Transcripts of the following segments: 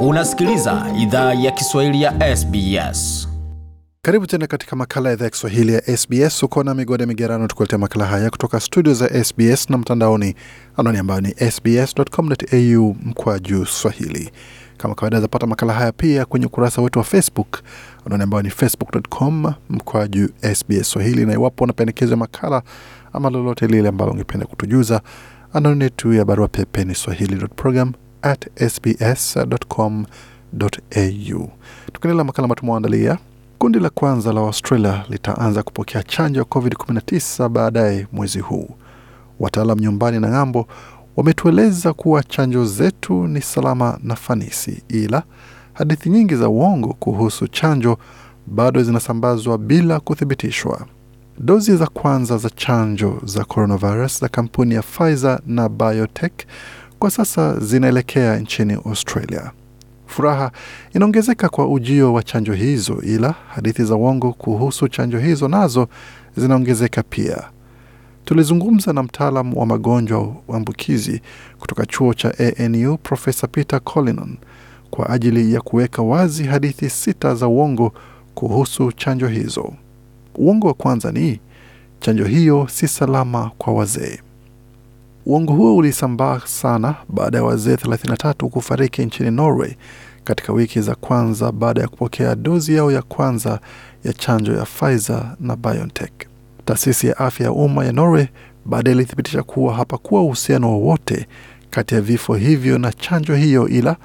Unasikiliza idhaa ya Kiswahili ya SBS. Karibu tena katika makala ya idhaa ya Kiswahili ya SBS. na migode migerano, tukuletea makala haya kutoka studio za SBS na mtandaoni, anwani ambayo ni sbs.com.au mkwa juu swahili. Kama kawaida, zapata makala haya pia kwenye ukurasa wetu wa Facebook, anwani ambayo ni facebook.com mkwa juu SBS swahili, na iwapo unapendekezwa makala ama lolote lile ambalo ungependa kutujuza, anwani yetu ya barua pepe ni swahili.program at sbs.com.au. Tukiendelea makala tumewaandalia, Kundi la kwanza la Australia litaanza kupokea chanjo ya COVID-19 baadaye mwezi huu. Wataalam nyumbani na ng'ambo wametueleza kuwa chanjo zetu ni salama na fanisi, ila hadithi nyingi za uongo kuhusu chanjo bado zinasambazwa bila kuthibitishwa. Dozi za kwanza za chanjo za coronavirus za kampuni ya Pfizer na BioNTech kwa sasa zinaelekea nchini Australia. Furaha inaongezeka kwa ujio wa chanjo hizo, ila hadithi za uongo kuhusu chanjo hizo nazo zinaongezeka pia. Tulizungumza na mtaalam wa magonjwa ambukizi kutoka chuo cha ANU Profesa Peter Collinon kwa ajili ya kuweka wazi hadithi sita za uongo kuhusu chanjo hizo. Uongo wa kwanza ni chanjo hiyo si salama kwa wazee. Uongo huo ulisambaa sana baada ya wazee 33 kufariki nchini Norway katika wiki za kwanza baada ya kupokea dozi yao ya kwanza ya chanjo ya Pfizer na BioNTech. Taasisi ya afya ya umma ya Norway baadaye ilithibitisha kuwa hapakuwa uhusiano wowote kati ya vifo hivyo na chanjo hiyo, ila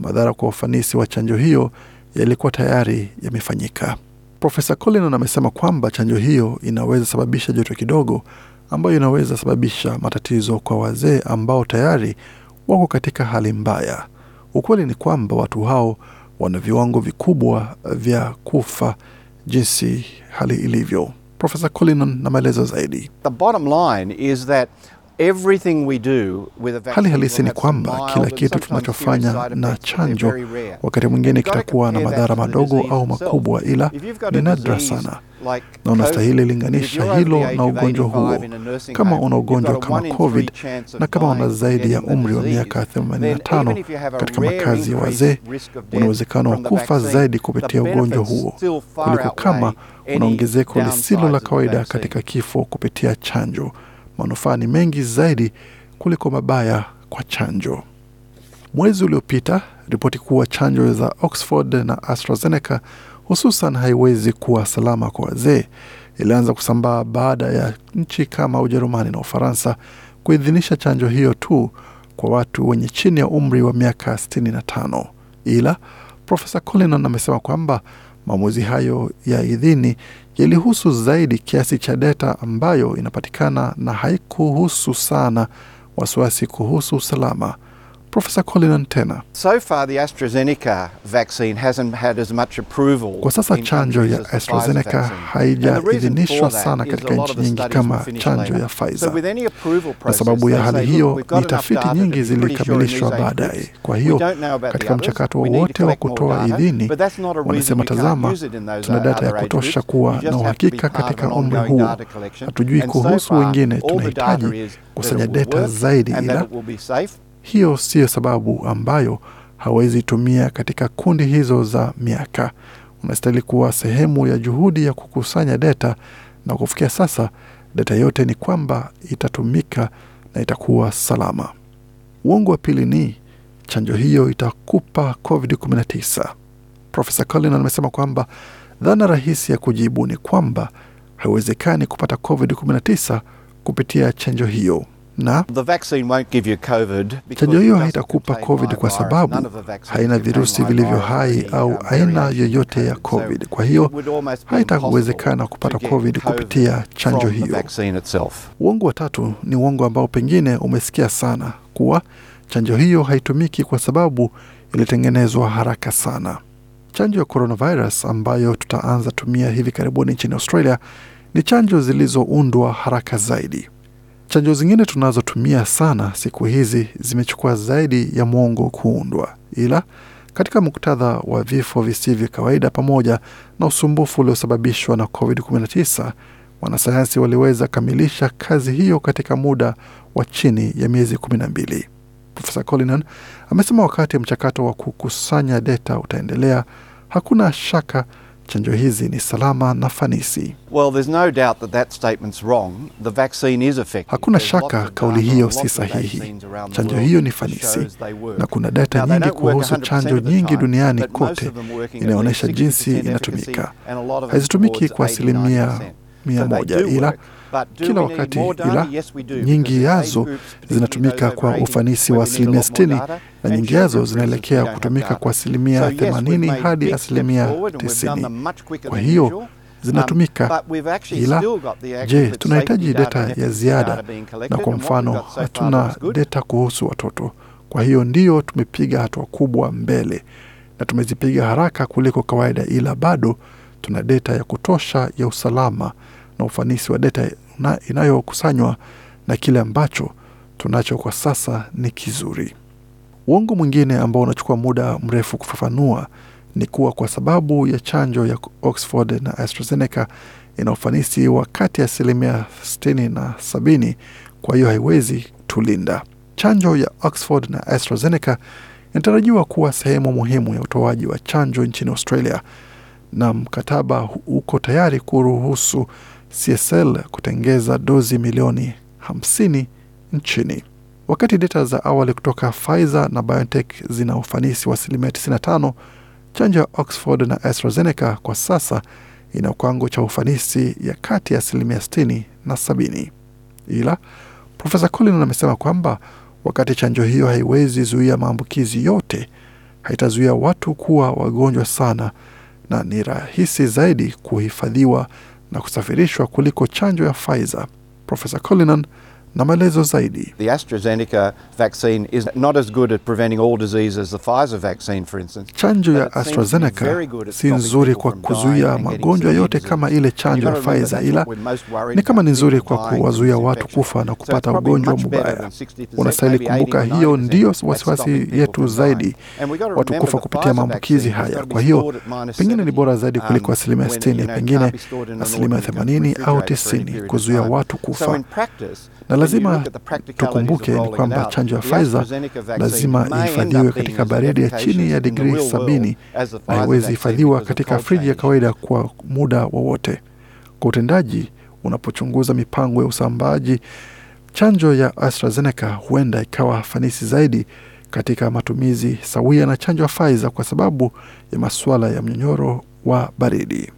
madhara kwa ufanisi wa chanjo hiyo yalikuwa tayari yamefanyika. Profesa Collinan amesema kwamba chanjo hiyo inaweza sababisha joto kidogo ambayo inaweza sababisha matatizo kwa wazee ambao tayari wako katika hali mbaya. Ukweli ni kwamba watu hao wana viwango vikubwa vya kufa jinsi hali ilivyo. Profesa Collinan na maelezo zaidi. The bottom line is that Hali halisi ni kwamba kila kitu tunachofanya na chanjo, wakati mwingine kitakuwa na madhara madogo au makubwa, ila ni nadra sana, na unastahili linganisha hilo na ugonjwa huo. Kama una ugonjwa kama COVID na kama una zaidi ya umri wa miaka 85 katika makazi ya wazee, una uwezekano wa kufa zaidi kupitia ugonjwa huo kuliko kama una ongezeko lisilo la kawaida katika kifo kupitia chanjo manufaa ni mengi zaidi kuliko mabaya kwa chanjo. Mwezi uliopita ripoti kuwa chanjo za Oxford na AstraZeneca hususan haiwezi kuwa salama kwa wazee ilianza kusambaa baada ya nchi kama Ujerumani na Ufaransa kuidhinisha chanjo hiyo tu kwa watu wenye chini ya umri wa miaka 65. Ila Profesa Colinan amesema kwamba Maamuzi hayo ya idhini yalihusu zaidi kiasi cha data ambayo inapatikana na haikuhusu sana wasiwasi kuhusu usalama. Profesa Colinan tena. So far the AstraZeneca vaccine hasn't had as much approval. Kwa sasa chanjo ya AstraZeneca haijaidhinishwa sana katika nchi nyingi kama chanjo ya Pfizer. Na sababu ya hali hiyo ni tafiti nyingi zilikamilishwa baadaye. Kwa hiyo katika mchakato wowote wa kutoa idhini, wanasema tazama, tuna data ya kutosha kuwa na uhakika katika umri huu. Hatujui kuhusu wengine, tunahitaji kusanya data zaidi, ila hiyo siyo sababu ambayo hawezi tumia katika kundi hizo za miaka. Unastahili kuwa sehemu ya juhudi ya kukusanya data, na kufikia sasa data yote ni kwamba itatumika na itakuwa salama. Uongo wa pili ni chanjo hiyo itakupa COVID-19. Profesa Colin amesema kwamba dhana rahisi ya kujibu ni kwamba haiwezekani kupata COVID-19 kupitia chanjo hiyo na chanjo hiyo haitakupa COVID kwa sababu haina virusi vilivyo hai au um, aina yoyote ya COVID. Kwa hiyo haitawezekana kupata COVID kupitia chanjo hiyo. Uongo wa tatu ni uongo ambao pengine umesikia sana kuwa chanjo hiyo haitumiki kwa sababu ilitengenezwa haraka sana. Chanjo ya coronavirus ambayo tutaanza tumia hivi karibuni nchini Australia ni chanjo zilizoundwa haraka zaidi. Chanjo zingine tunazotumia sana siku hizi zimechukua zaidi ya mwongo kuundwa, ila katika muktadha wa vifo visivyo kawaida pamoja na usumbufu uliosababishwa na COVID-19, wanasayansi waliweza kamilisha kazi hiyo katika muda wa chini ya miezi 12. Profesa Colinan amesema wakati mchakato wa kukusanya data utaendelea, hakuna shaka chanjo hizi ni salama na fanisi. Well, no doubt that that statement's wrong. The vaccine is effective. Hakuna shaka kauli hiyo si sahihi. Chanjo hiyo ni fanisi na kuna data nyingi kuhusu chanjo nyingi duniani kote inaonyesha jinsi inatumika. Hazitumiki kwa asilimia mia moja ila kila wakati, ila nyingi yazo zinatumika kwa ufanisi wa asilimia 60 na nyingi yazo zinaelekea kutumika kwa asilimia 80 hadi asilimia 90. Kwa hiyo zinatumika um, ila, je, tunahitaji data ya ziada? Na kwa mfano, hatuna data kuhusu watoto. Kwa hiyo ndiyo tumepiga hatua kubwa mbele na tumezipiga haraka kuliko kawaida, ila bado tuna data ya kutosha ya usalama na ufanisi wa data inayokusanywa na kile ambacho tunacho kwa sasa ni kizuri. Uongo mwingine ambao unachukua muda mrefu kufafanua ni kuwa kwa sababu ya chanjo ya Oxford na AstraZeneca ina ufanisi wa kati ya asilimia 60 na 70, kwa hiyo haiwezi tulinda. Chanjo ya Oxford na AstraZeneca inatarajiwa kuwa sehemu muhimu ya utoaji wa chanjo nchini Australia na mkataba uko tayari kuruhusu CSL kutengeza dozi milioni 50 nchini. Wakati data za awali kutoka Pfizer na BioNTech zina ufanisi wa asilimia 95, chanjo ya Oxford na AstraZeneca kwa sasa ina kiwango cha ufanisi ya kati ya asilimia 60 na 70. Ila Profesa Collins amesema kwamba wakati chanjo hiyo haiwezi zuia maambukizi yote, haitazuia watu kuwa wagonjwa sana na ni rahisi zaidi kuhifadhiwa na kusafirishwa kuliko chanjo ya Pfizer. Profesa Collinan na maelezo zaidi. The AstraZeneca vaccine is not as good at preventing all diseases as the Pfizer vaccine for instance. Chanjo ya AstraZeneca si nzuri kwa kuzuia magonjwa yote kama ile chanjo ya Pfizer, ila ni kama ni nzuri kwa kuwazuia watu kufa na kupata ugonjwa mbaya. Unastahili kumbuka, hiyo ndiyo wasiwasi yetu zaidi, watu kufa kupitia maambukizi haya. Kwa hiyo pengine ni bora zaidi um, kuliko asilimia 60, pengine asilimia 80 au 90 kuzuia watu kufa na lazima tukumbuke ni kwamba chanjo ya Pfizer lazima ihifadhiwe katika baridi ya chini ya digrii sabini na iwezi hifadhiwa katika friji ya kawaida kwa muda wowote. Kwa utendaji, unapochunguza mipango ya usambaaji, chanjo ya AstraZeneca huenda ikawa fanisi zaidi katika matumizi sawia na chanjo ya Pfizer kwa sababu ya masuala ya mnyonyoro wa baridi.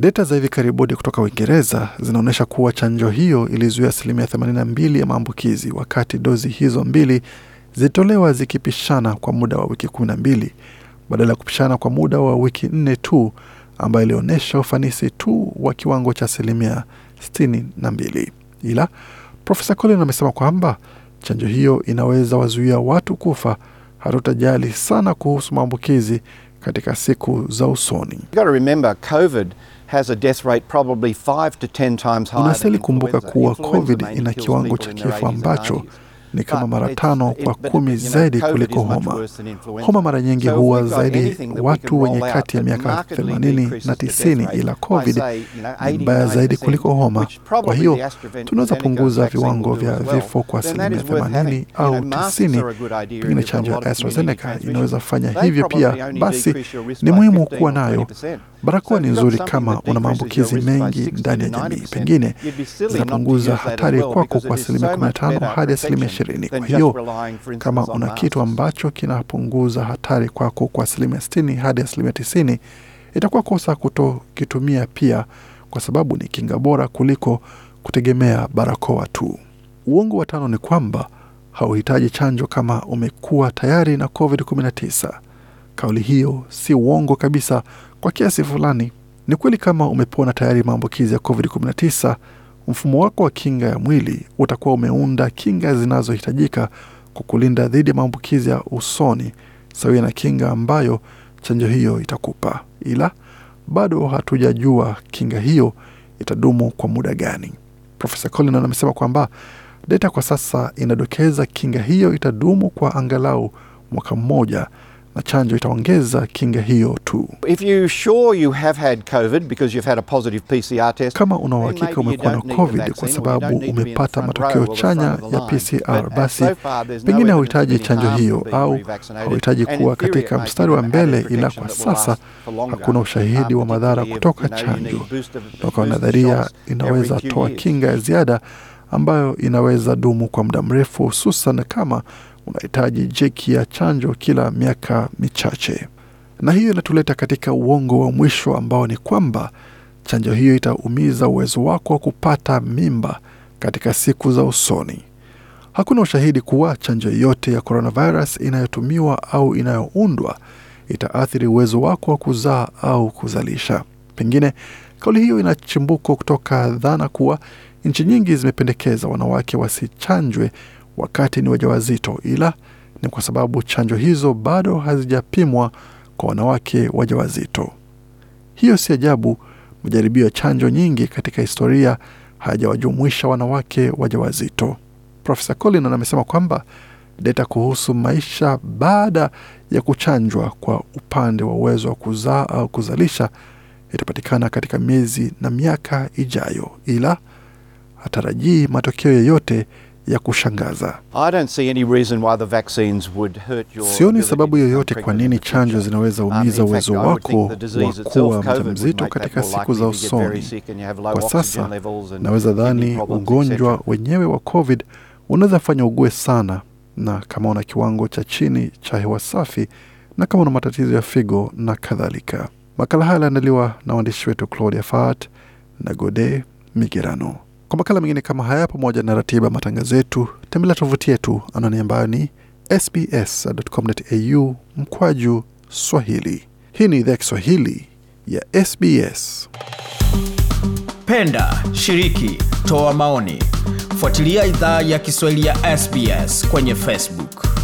Data za hivi karibuni kutoka Uingereza zinaonyesha kuwa chanjo hiyo ilizuia asilimia 82 ya maambukizi, wakati dozi hizo mbili zilitolewa zikipishana kwa muda wa wiki 12 badala ya kupishana kwa muda wa wiki nne tu, ambayo ilionyesha ufanisi tu wa kiwango cha asilimia 62. Ila Profesa Colin amesema kwamba chanjo hiyo inaweza wazuia watu kufa. Hatutajali sana kuhusu maambukizi katika siku za usoni. Unastahili kumbuka kuwa COVID ina kiwango cha kifo ambacho ni kama mara tano kwa kumi zaidi kuliko homa. Homa mara nyingi huwa zaidi watu wenye kati ya miaka 80 na 90, ila COVID ni mbaya zaidi kuliko homa. Kwa hiyo tunaweza punguza viwango vya vifo kwa asilimia 80 au 90. Pengine chanjo ya AstraZeneca inaweza fanya hivyo pia. Basi ni muhimu kuwa nayo. Barakoa ni nzuri kama una maambukizi mengi ndani ya jamii, pengine zinapunguza hatari kwako kwa asilimia 15 hadi asilimia ishirini. Kwa hiyo kama una kitu ambacho kinapunguza hatari kwako kwa asilimia sitini hadi asilimia tisini itakuwa kosa kutokitumia pia, kwa sababu ni kinga bora kuliko kutegemea barakoa tu. Uongo wa tano ni kwamba hauhitaji chanjo kama umekuwa tayari na COVID-19. Kauli hiyo si uongo kabisa. Kwa kiasi fulani ni kweli, kama umepona tayari maambukizi ya COVID-19 mfumo wako wa kinga ya mwili utakuwa umeunda kinga zinazohitajika kukulinda dhidi ya maambukizi ya usoni sawia na kinga ambayo chanjo hiyo itakupa, ila bado hatujajua kinga hiyo itadumu kwa muda gani. Profesa Collinan amesema kwamba data kwa sasa inadokeza kinga hiyo itadumu kwa angalau mwaka mmoja na chanjo itaongeza kinga hiyo tu. If you sure you have had COVID because you've had a positive PCR test, kama una uhakika umekuwa na COVID kwa sababu umepata matokeo chanya ya PCR, uh, basi pengine hauhitaji chanjo hiyo au hauhitaji kuwa katika mstari wa mbele, ila kwa sasa hakuna ushahidi wa madhara kutoka chanjo. kwa nadharia inaweza toa kinga ya ziada ambayo inaweza dumu kwa muda mrefu, hususan kama unahitaji jeki ya chanjo kila miaka michache. Na hiyo inatuleta katika uongo wa mwisho ambao ni kwamba chanjo hiyo itaumiza uwezo wako wa kupata mimba katika siku za usoni. Hakuna ushahidi kuwa chanjo yote ya coronavirus inayotumiwa au inayoundwa itaathiri uwezo wako wa kuzaa au kuzalisha. Pengine kauli hiyo ina chimbuko kutoka dhana kuwa nchi nyingi zimependekeza wanawake wasichanjwe wakati ni wajawazito, ila ni kwa sababu chanjo hizo bado hazijapimwa kwa wanawake wajawazito. Hiyo si ajabu, majaribio ya chanjo nyingi katika historia hayajawajumuisha wanawake wajawazito. Profesa Colin amesema kwamba data kuhusu maisha baada ya kuchanjwa kwa upande wa uwezo wa kuzaa au kuzalisha itapatikana katika miezi na miaka ijayo, ila hatarajii matokeo yoyote ya kushangaza. Sioni sababu yoyote kwa nini chanjo zinaweza um, umiza uwezo wako wa kuwa mjamzito katika siku za usoni. Kwa sasa naweza dhani ugonjwa wenyewe wa COVID unaweza fanya ugue sana, na kama una kiwango cha chini cha hewa safi na kama una matatizo ya figo na kadhalika. Makala haya yaliandaliwa na waandishi wetu Claudia Fat na Gode Migerano. Kwa makala mengine kama haya pamoja na ratiba matangazo yetu, tembelea tovuti yetu anaoni ambayo ni sbs.com.au mkwaju swahili. Hii ni idhaa ya Kiswahili ya SBS. Penda, shiriki, toa maoni, fuatilia idhaa ya Kiswahili ya SBS kwenye Facebook.